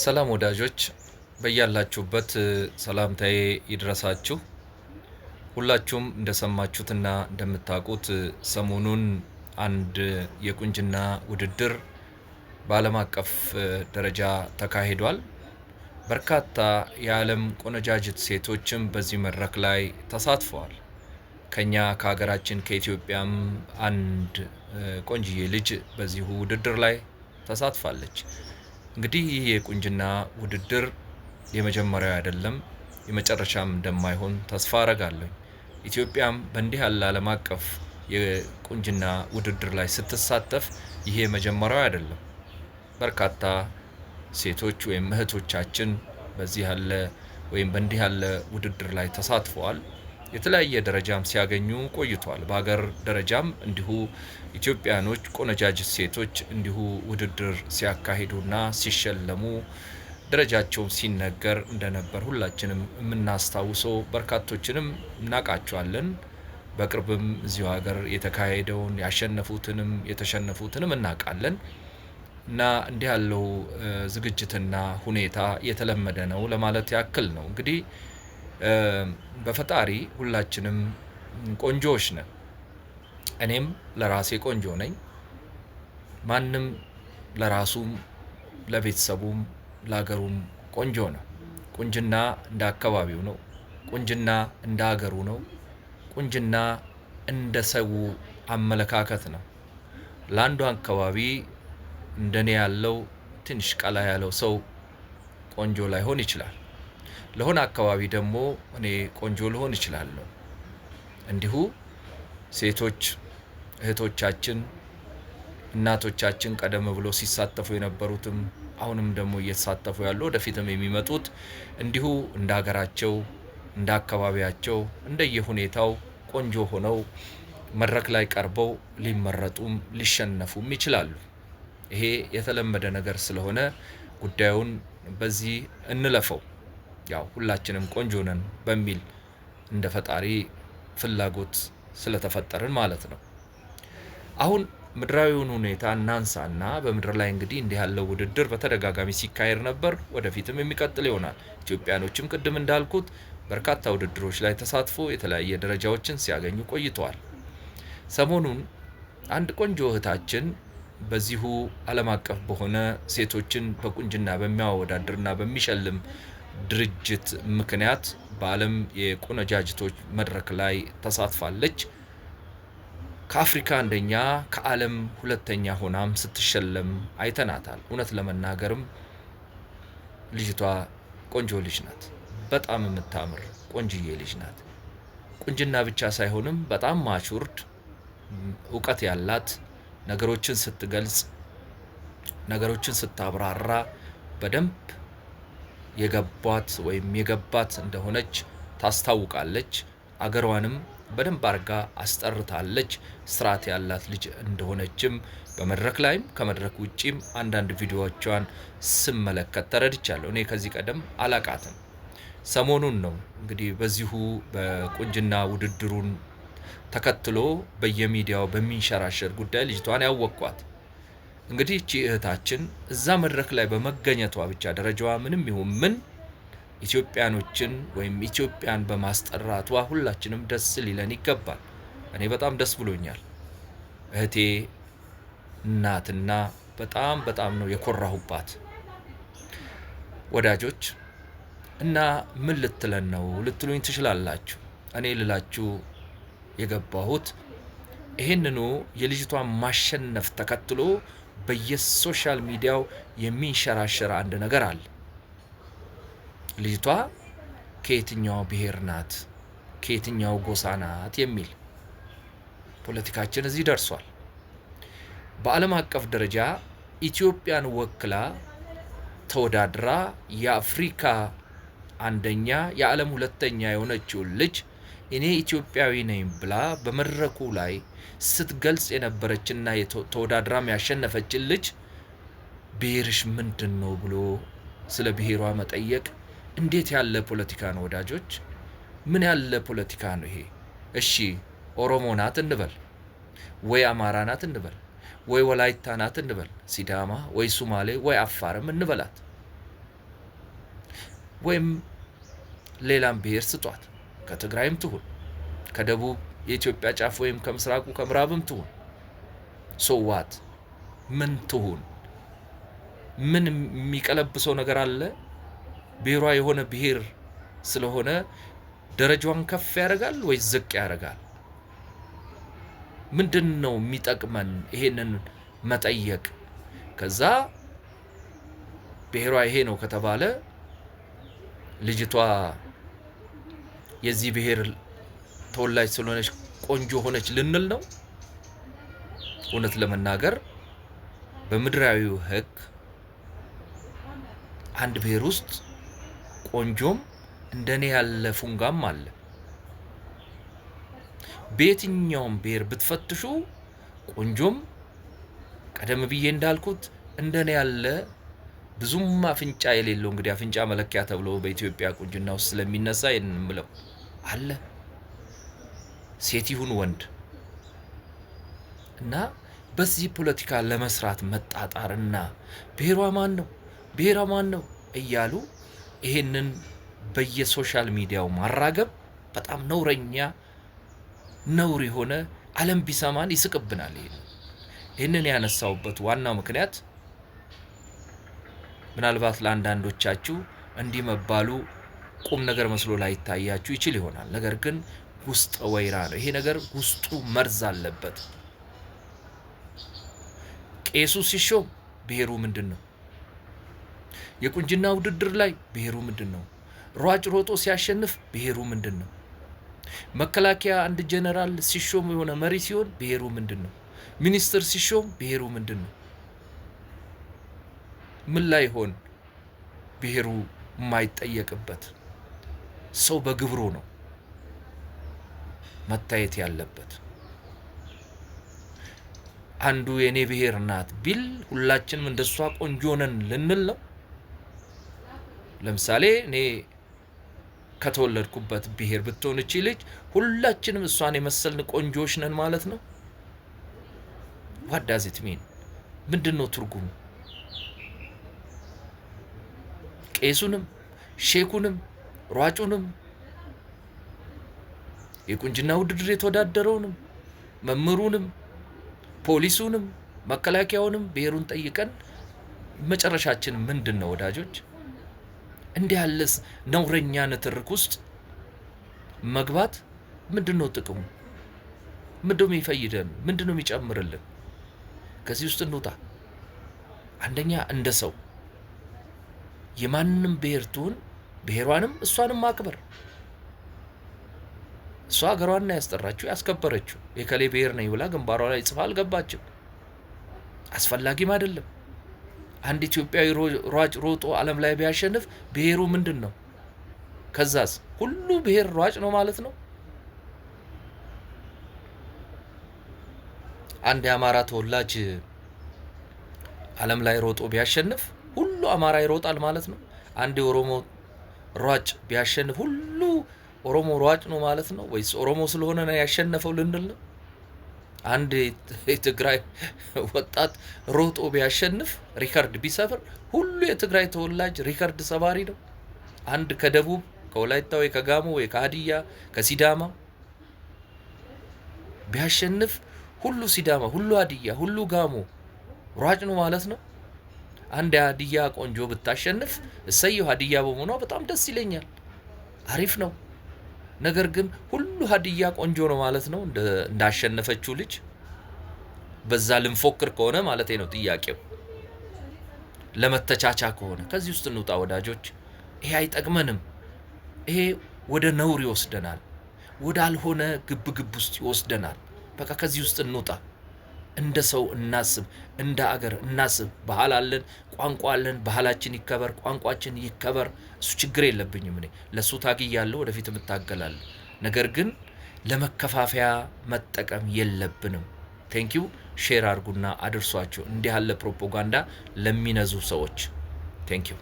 ሰላም ወዳጆች በያላችሁበት ሰላምታዬ ይድረሳችሁ። ሁላችሁም እንደሰማችሁትና እንደምታውቁት ሰሞኑን አንድ የቁንጅና ውድድር በዓለም አቀፍ ደረጃ ተካሂዷል። በርካታ የዓለም ቆነጃጅት ሴቶችም በዚህ መድረክ ላይ ተሳትፈዋል። ከኛ ከሀገራችን ከኢትዮጵያም አንድ ቆንጅዬ ልጅ በዚሁ ውድድር ላይ ተሳትፋለች። እንግዲህ ይህ የቁንጅና ውድድር የመጀመሪያው አይደለም፣ የመጨረሻም እንደማይሆን ተስፋ አረጋለሁ። ኢትዮጵያም በእንዲህ ያለ ዓለም አቀፍ የቁንጅና ውድድር ላይ ስትሳተፍ ይሄ የመጀመሪያው አይደለም። በርካታ ሴቶች ወይም እህቶቻችን በዚህ ያለ ወይም በእንዲህ ያለ ውድድር ላይ ተሳትፈዋል። የተለያየ ደረጃም ሲያገኙ ቆይቷል። በሀገር ደረጃም እንዲሁ ኢትዮጵያኖች ቆነጃጅት ሴቶች እንዲሁ ውድድር ሲያካሂዱና ሲሸለሙ ደረጃቸውም ሲነገር እንደነበር ሁላችንም የምናስታውሰው በርካቶችንም እናውቃቸዋለን። በቅርብም እዚሁ ሀገር የተካሄደውን ያሸነፉትንም የተሸነፉትንም እናውቃለን። እና እንዲህ ያለው ዝግጅትና ሁኔታ የተለመደ ነው ለማለት ያክል ነው እንግዲህ በፈጣሪ ሁላችንም ቆንጆዎች ነን። እኔም ለራሴ ቆንጆ ነኝ። ማንም ለራሱም ለቤተሰቡም ለሀገሩም ቆንጆ ነው። ቁንጅና እንደ አካባቢው ነው። ቁንጅና እንደ ሀገሩ ነው። ቁንጅና እንደ ሰው አመለካከት ነው። ለአንዱ አካባቢ እንደኔ ያለው ትንሽ ቀላ ያለው ሰው ቆንጆ ላይሆን ይችላል። ለሆነ አካባቢ ደግሞ እኔ ቆንጆ ልሆን እችላለሁ። እንዲሁ ሴቶች እህቶቻችን፣ እናቶቻችን ቀደም ብሎ ሲሳተፉ የነበሩትም አሁንም ደግሞ እየተሳተፉ ያሉ ወደፊትም የሚመጡት እንዲሁ እንደ ሀገራቸው እንደ አካባቢያቸው እንደየሁኔታው ቆንጆ ሆነው መድረክ ላይ ቀርበው ሊመረጡም ሊሸነፉም ይችላሉ። ይሄ የተለመደ ነገር ስለሆነ ጉዳዩን በዚህ እንለፈው። ያው ሁላችንም ቆንጆ ነን በሚል እንደ ፈጣሪ ፍላጎት ስለተፈጠርን ማለት ነው። አሁን ምድራዊውን ሁኔታ እናንሳና በምድር ላይ እንግዲህ እንዲህ ያለው ውድድር በተደጋጋሚ ሲካሄድ ነበር፣ ወደፊትም የሚቀጥል ይሆናል። ኢትዮጵያኖችም ቅድም እንዳልኩት በርካታ ውድድሮች ላይ ተሳትፎ የተለያየ ደረጃዎችን ሲያገኙ ቆይተዋል። ሰሞኑን አንድ ቆንጆ እህታችን በዚሁ ዓለም አቀፍ በሆነ ሴቶችን በቁንጅና በሚያወዳድርና በሚሸልም ድርጅት ምክንያት በዓለም የቆነጃጅቶች መድረክ ላይ ተሳትፋለች። ከአፍሪካ አንደኛ ከዓለም ሁለተኛ ሆናም ስትሸለም አይተናታል። እውነት ለመናገርም ልጅቷ ቆንጆ ልጅ ናት። በጣም የምታምር ቆንጅዬ ልጅ ናት። ቁንጅና ብቻ ሳይሆንም በጣም ማቹርድ እውቀት ያላት ነገሮችን ስትገልጽ ነገሮችን ስታብራራ በደንብ የገባት ወይም የገባት እንደሆነች ታስታውቃለች። አገሯንም በደንብ አርጋ አስጠርታለች። ስርዓት ያላት ልጅ እንደሆነችም በመድረክ ላይም ከመድረክ ውጪም አንዳንድ ቪዲዮዎቿን ስመለከት ተረድቻለሁ። እኔ ከዚህ ቀደም አላቃትም። ሰሞኑን ነው እንግዲህ በዚሁ በቁንጅና ውድድሩን ተከትሎ በየሚዲያው በሚንሸራሸር ጉዳይ ልጅቷን ያወቅኳት። እንግዲህ እቺ እህታችን እዛ መድረክ ላይ በመገኘቷ ብቻ ደረጃዋ ምንም ይሁን ምን ኢትዮጵያኖችን ወይም ኢትዮጵያን በማስጠራቷ ሁላችንም ደስ ሊለን ይገባል። እኔ በጣም ደስ ብሎኛል። እህቴ እናትና በጣም በጣም ነው የኮራሁባት። ወዳጆች እና ምን ልትለን ነው ልትሉኝ ትችላላችሁ። እኔ ልላችሁ የገባሁት ይህንኑ የልጅቷን ማሸነፍ ተከትሎ በየሶሻል ሚዲያው የሚንሸራሸር አንድ ነገር አለ። ልጅቷ ከየትኛው ብሔር ናት? ከየትኛው ጎሳ ናት? የሚል ፖለቲካችን እዚህ ደርሷል። በዓለም አቀፍ ደረጃ ኢትዮጵያን ወክላ ተወዳድራ የአፍሪካ አንደኛ የዓለም ሁለተኛ የሆነችውን ልጅ እኔ ኢትዮጵያዊ ነኝ ብላ በመድረኩ ላይ ስትገልጽ የነበረችና ተወዳድራም ያሸነፈችን ልጅ ብሔርሽ ምንድን ነው ብሎ ስለ ብሔሯ መጠየቅ እንዴት ያለ ፖለቲካ ነው ወዳጆች? ምን ያለ ፖለቲካ ነው ይሄ? እሺ ኦሮሞ ናት እንበል ወይ አማራ ናት እንበል ወይ ወላይታ ናት እንበል ሲዳማ ወይ ሱማሌ ወይ አፋርም እንበላት ወይም ሌላም ብሔር ስጧት ከትግራይም ትሁን ከደቡብ የኢትዮጵያ ጫፍ ወይም ከምስራቁ ከምዕራብም ትሁን ሶዋት ምን ትሁን ምን የሚቀለብሰው ነገር አለ? ብሔሯ የሆነ ብሔር ስለሆነ ደረጃዋን ከፍ ያደርጋል ወይ ዝቅ ያደርጋል? ምንድን ነው የሚጠቅመን? ይሄንን መጠየቅ ከዛ ብሔሯ ይሄ ነው ከተባለ ልጅቷ የዚህ ብሔር ተወላጅ ስለሆነች ቆንጆ ሆነች ልንል ነው? እውነት ለመናገር በምድራዊው ሕግ አንድ ብሔር ውስጥ ቆንጆም እንደኔ ያለ ፉንጋም አለ። በየትኛውም ብሔር ብትፈትሹ ቆንጆም ቀደም ብዬ እንዳልኩት እንደኔ ያለ ብዙም አፍንጫ የሌለው እንግዲህ አፍንጫ መለኪያ ተብሎ በኢትዮጵያ ቁንጅና ውስጥ ስለሚነሳ ይህን አለ ሴት ይሁን ወንድ እና በዚህ ፖለቲካ ለመስራት መጣጣርና ብሔሯ ማን ነው ብሔሯ ማን ነው እያሉ ይሄንን በየሶሻል ሚዲያው ማራገብ በጣም ነውረኛ ነውር የሆነ ዓለም ቢሰማን ይስቅብናል። ይሄ ይህንን ያነሳውበት ዋናው ምክንያት ምናልባት ለአንዳንዶቻችሁ እንዲህ መባሉ ቁም ነገር መስሎ ላይታያችሁ ይችል ይሆናል። ነገር ግን ውስጥ ወይራ ነው። ይሄ ነገር ውስጡ መርዝ አለበት። ቄሱ ሲሾም ብሔሩ ምንድን ነው? የቁንጅና ውድድር ላይ ብሔሩ ምንድን ነው? ሯጭ ሮጦ ሲያሸንፍ ብሔሩ ምንድን ነው? መከላከያ አንድ ጀነራል ሲሾም የሆነ መሪ ሲሆን ብሔሩ ምንድን ነው? ሚኒስትር ሲሾም ብሔሩ ምንድን ነው? ምን ላይ ሆን ብሔሩ የማይጠየቅበት ሰው በግብሩ ነው መታየት ያለበት። አንዱ የእኔ ብሔር ናት ቢል ሁላችንም እንደሷ ቆንጆ ነን ልንል ነው። ለምሳሌ እኔ ከተወለድኩበት ብሔር ብትሆን እቺ ልጅ ሁላችንም እሷን የመሰልን ቆንጆዎች ነን ማለት ነው። ዋዳዚት ሚን ምንድን ነው ትርጉሙ? ቄሱንም ሼኩንም ሯጩንም የቁንጅና ውድድር የተወዳደረውንም መምህሩንም ፖሊሱንም መከላከያውንም ብሔሩን ጠይቀን መጨረሻችን ምንድን ነው ወዳጆች? እንዲህ ያለስ ነውረኛ ንትርክ ውስጥ መግባት ምንድን ነው ጥቅሙ? ምንድ የሚፈይደን? ምንድ ነው የሚጨምርልን? ከዚህ ውስጥ እንውጣ። አንደኛ እንደ ሰው የማንም ብሔር ትሁን ብሔሯንም እሷንም ማክበር እሷ ሀገሯና ያስጠራችው ያስከበረችው የከሌ ብሔር ነኝ ብላ ግንባሯ ላይ ጽፋ አልገባችም። አስፈላጊም አይደለም። አንድ ኢትዮጵያዊ ሯጭ ሮጦ ዓለም ላይ ቢያሸንፍ ብሔሩ ምንድን ነው? ከዛስ ሁሉ ብሔር ሯጭ ነው ማለት ነው? አንድ የአማራ ተወላጅ ዓለም ላይ ሮጦ ቢያሸንፍ ሁሉ አማራ ይሮጣል ማለት ነው? አንድ የኦሮሞ ሯጭ ቢያሸንፍ ሁሉ ኦሮሞ ሯጭ ነው ማለት ነው ወይስ ኦሮሞ ስለሆነ ነው ያሸነፈው ልንል ነው? አንድ የትግራይ ወጣት ሮጦ ቢያሸንፍ ሪከርድ ቢሰፍር ሁሉ የትግራይ ተወላጅ ሪከርድ ሰባሪ ነው። አንድ ከደቡብ ከወላይታ ወይ ከጋሞ ወይ ከሀዲያ ከሲዳማ ቢያሸንፍ ሁሉ ሲዳማ፣ ሁሉ ሀዲያ፣ ሁሉ ጋሞ ሯጭ ነው ማለት ነው። አንድ ሀዲያ ቆንጆ ብታሸንፍ እሰየው፣ ሀዲያ በመሆኗ በጣም ደስ ይለኛል። አሪፍ ነው። ነገር ግን ሁሉ ሀዲያ ቆንጆ ነው ማለት ነው እንዳሸነፈችው ልጅ በዛ ልንፎክር ከሆነ ማለት ነው ጥያቄው ለመተቻቻ ከሆነ ከዚህ ውስጥ እንውጣ ወዳጆች። ይሄ አይጠቅመንም። ይሄ ወደ ነውር ይወስደናል፣ ወዳልሆነ ግብግብ ውስጥ ይወስደናል። በቃ ከዚህ ውስጥ እንውጣ። እንደ ሰው እናስብ፣ እንደ አገር እናስብ። ባህል አለን፣ ቋንቋ አለን። ባህላችን ይከበር፣ ቋንቋችን ይከበር። እሱ ችግር የለብኝም እኔ ለእሱ ታግያለሁ፣ ወደፊት እታገላለሁ። ነገር ግን ለመከፋፈያ መጠቀም የለብንም። ቴንኪው። ሼር አድርጉና አድርሷቸው እንዲህ ያለ ፕሮፓጋንዳ ለሚነዙ ሰዎች ቴንኪው።